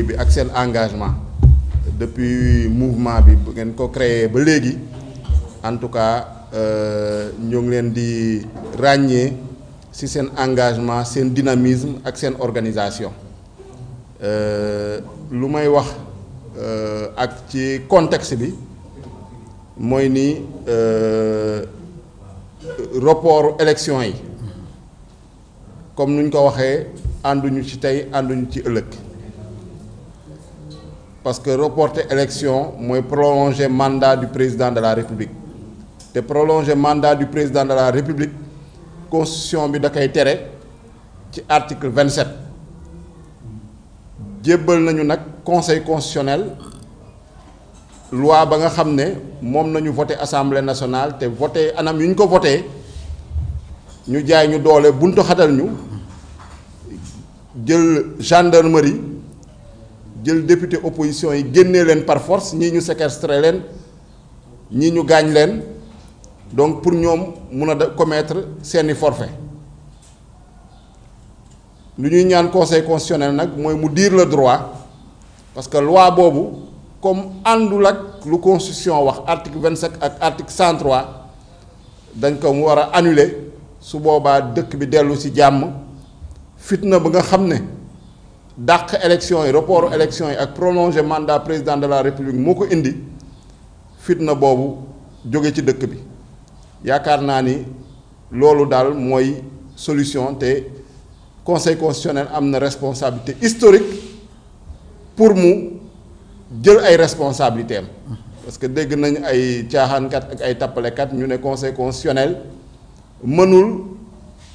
liggéey bi ak seen engagement depuis mouvement bi bu ngeen ko créer ba léegi en tout cas euh, ñoo ngi leen di ràññee si seen engagement seen dynamisme ak seen organisation euh, lu may wax euh, ak ci contexte bi mooy ni report élection yi comme nuñ ko waxee ànduñu ci tey ànduñu ci ëllëg parce que reporter élection mooy prolonger mandat du président de la république te prolonger mandat du président de la république constitution bi da koy tere ci article vingt sept jébbal nañu nag conseil constitutionnel loi ba nga xam ne moom nañu voté assemblée nationale te voté anam yu ñu ko voté ñu jaay ñu doole buntu xatal ñu jël gendarmerie. jël député opposition yi génnee leen par force ñii ñu séquestré leen ñii ñu gaañ leen donc pour ñoom mun a commettre seeni forfait lu ñuy ñaan conseil constitutionnel nag mooy mu diir la droit parce que loi boobu comme àndul ak lu constitution wax article vingt-sept ak article centroit dañ ko mu war a annuler su boobaa dëkk bi dellu ci jàmm fitna ba nga xam ne dàq élection yi report élection yi ak prolonger mandat président de la république moo ko indi fitna boobu jóge ci dëkk bi yaakaar naa ni loolu daal mooy solution te conseil constitutionnel am na responsabilité historique pour mu jël ay responsabilité am parce que dégg nañu ay caaxaankat ak ay tappalekat ñu ne conseil constitutionnel mënul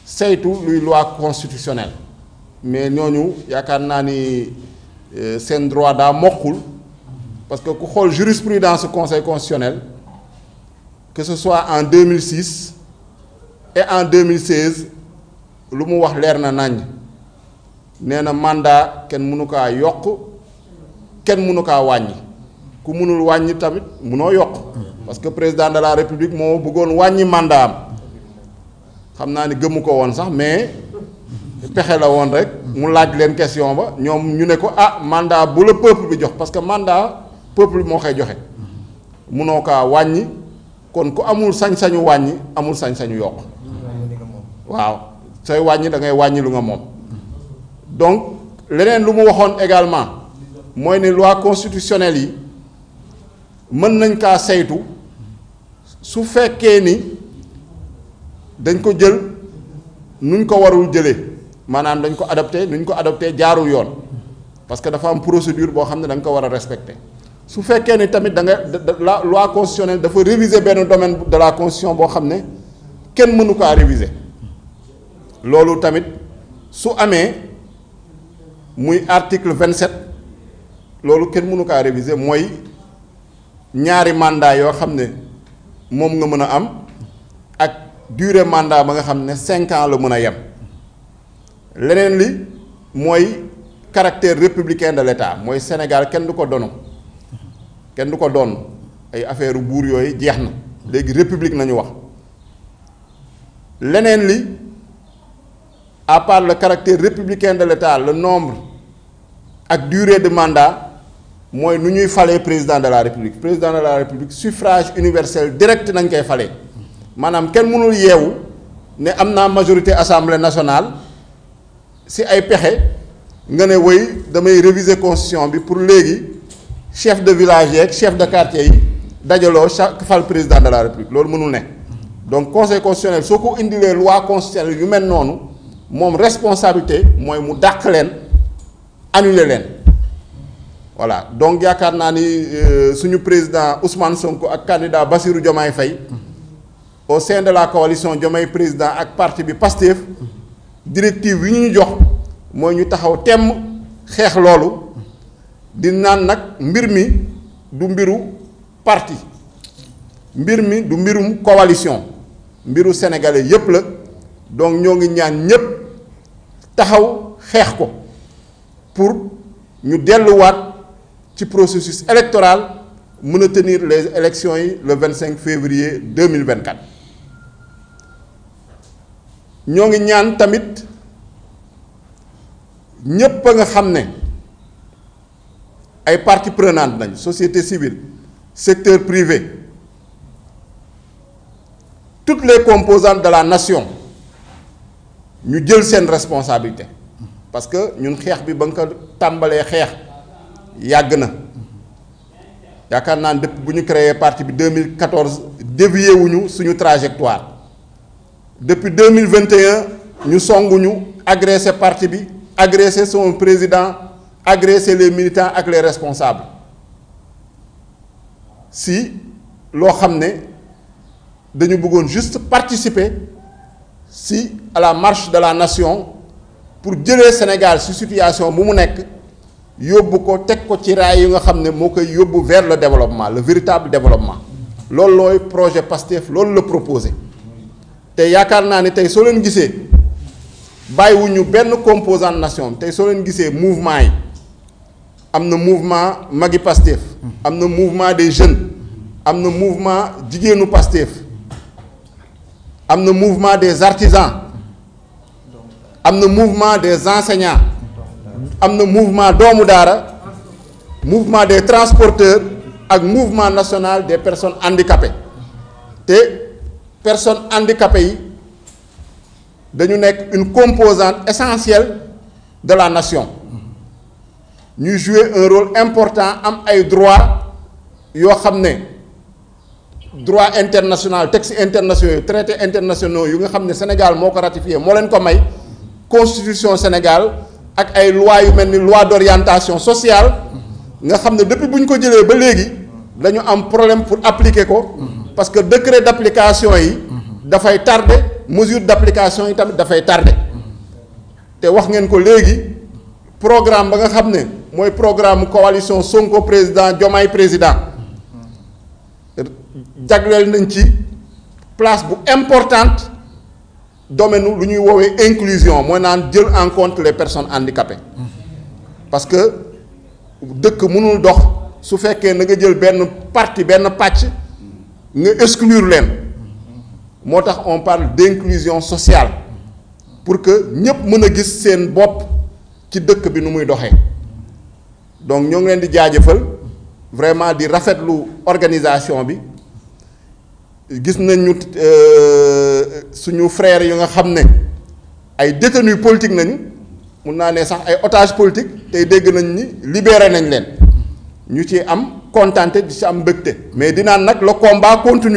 saytu luy loi constitutionnelle mais ñooñu yaakaar naa ni euh, seen droit daa moqul parce que ku xool jurisprudence conseil constitutionnel que ce soit en 2006 et en 2016 lu mu wax leer na naññ nee na mandat kenn mënu kaa yokk kenn mënu kaa wàññi ku mënul wàññi tamit mënoo yokk parce que président de la république moo bëggoon wàññi mandat am xam naa ni gëmu ko woon sax mais. pexe la woon rek mu laaj leen question ba ñoom ñu ne ko ah mandat bu la peuple bi jox parce que mandat peuple moo koy joxe munoo kaa wàññi kon ku amul sañ-sañu wàññi amul sañ-sañu yokk waaw sooy wàññi da ngay wàññi lu nga moom donc leneen lu mu waxoon également mooy ne loi constitutionnelle yi mën nañ kaa saytu su fekkee ni dañ ko jël nuñ ko warul jëlee maanaam dañ ko adopté nuñ ko adopté jaarul yoon parce que dafa am procédure boo xam ne da ko war a respecté su fekkee ni tamit da nga la loi constitutionnelle dafa réviser benn domaine de la constitution boo xam ne kenn mënu kaa réviser loolu tamit su amee muy article vingt-sept loolu kenn mënu kaa réviser mooy ñaari mandat yoo xam ne moom nga mën a am ak durée mandat ba nga xam ne cinq ans la mën a yem leneen li mooy caractère républicain de l'État mooy Sénégal kenn du ko dono kenn du ko donn ay affaire buur yooyu jeex na léegi république nañu wax leneen li à part le caractère républicain de l'État le nombre ak durée de mandat mooy nu ñuy falee président de la république président de la république suffrage universel direct nañ koy falee maanaam kenn mënul yeewu ne am naa majorité assemblée nationale si ay pexe nga ne woy damay réviser constitution bi pour léegi chef de village yeeg chef de quartier yi dajaloo chaque fal président de la république loolu mënul nekk donc conseil constitutionnel soo ko indilee loi constitutionnelle yu mel noonu moom responsabilité mooy mu dàq leen annule leen voilà donc yaakaar naa ni euh, suñu président Ousmane sonk ak candidat bassiru Diomaye Faye au sein de la coalition Diomaye président ak parti bi Pastef directive yi ñu jox mooy ñu taxaw temm xeex loolu di naan nag mbir mi du mbiru parti mbir mi du mbirum coalition mbiru sénégalais yépp la donc ñoo ngi ñaan ñépp taxaw xeex ko pour ñu delluwaat ci processus électoral mën a tenir les élections yi le 25 février 2024 ñoo ngi ñaan tamit ñépp a nga xam ne ay parties prenante lañ société civile secteur privé toutes les composantes de la nation ñu jël seen responsabilité parce que ñun xeex bi ba nga ko tàmbalee xeex yàgg na yaakaar naa ne bu ñu créé parti bi 2014 dévié wuñu suñu trajectoire depuis deux mille vingt et un ñu songuñu agressé parti bi agressé son président agressé les militants ak les responsables si loo xam ne dañu bëggoon juste participer si à la marche de la nation pour jëlee Sénégal si situation bu mu nekk yóbbu ko teg ko ci raay yi nga xam ne moo koy yóbbu vers le développement le véritable développement loolu looy projet PASTEF loolu la proposé te yaakaar naa ni tey soo leen gisee bàyyiwuñu benn composante nation tey soo leen gisee mouvement yi am na mouvement magi Pastef am na mouvement des jeunes am na mouvement jigéenu Pastef am na mouvement des artisans am na mouvement des enseignants am na mouvement doomu daara mouvement des transporteurs ak mouvement national des personnes handicapées te personnes handicapées yi dañu nekk une composante essentielle de la nation ñuy jouer un rôle important am ay droits yoo xam ne droit international textes internationaux traités internationaux yu nga xam ne Sénégal moo ko ratifié moo leen ko may constitution Sénégal ak ay lois yu mel ni loi d'orientation sociale nga xam ne depuis bu ñu ko jëlee ba léegi dañu am problème pour appliquer ko. parce que décret d' yi. dafay tardé mesure d' application yi dafay tardé te wax ngeen ko léegi programme ba nga xam ne mooy programme coalition Sonko président Diomaye président jagleel nañ ci place bu importante domaine lu ñuy woowee inclusion mooy naan jël en compte les personnes que dëkk mënul dox su fekkee na nga jël benn partie benn pàcc. nga exclure leen moo tax on parle d'inclusion sociale pour que ñëpp mën a gis seen bopp ci dëkk bi nu muy doxee donc ñoo ngi leen di jaajëfal vraiment di rafetlu organisation bi gis nañu euh, suñu frères yi nga xam ne ay détenus politiques nañu mun naa ne sax ay otages politiques tey dégg nañ ni libéré nañ leen ñu ci am. kontaante di si am mbëgte mais dinaan nag la combat continue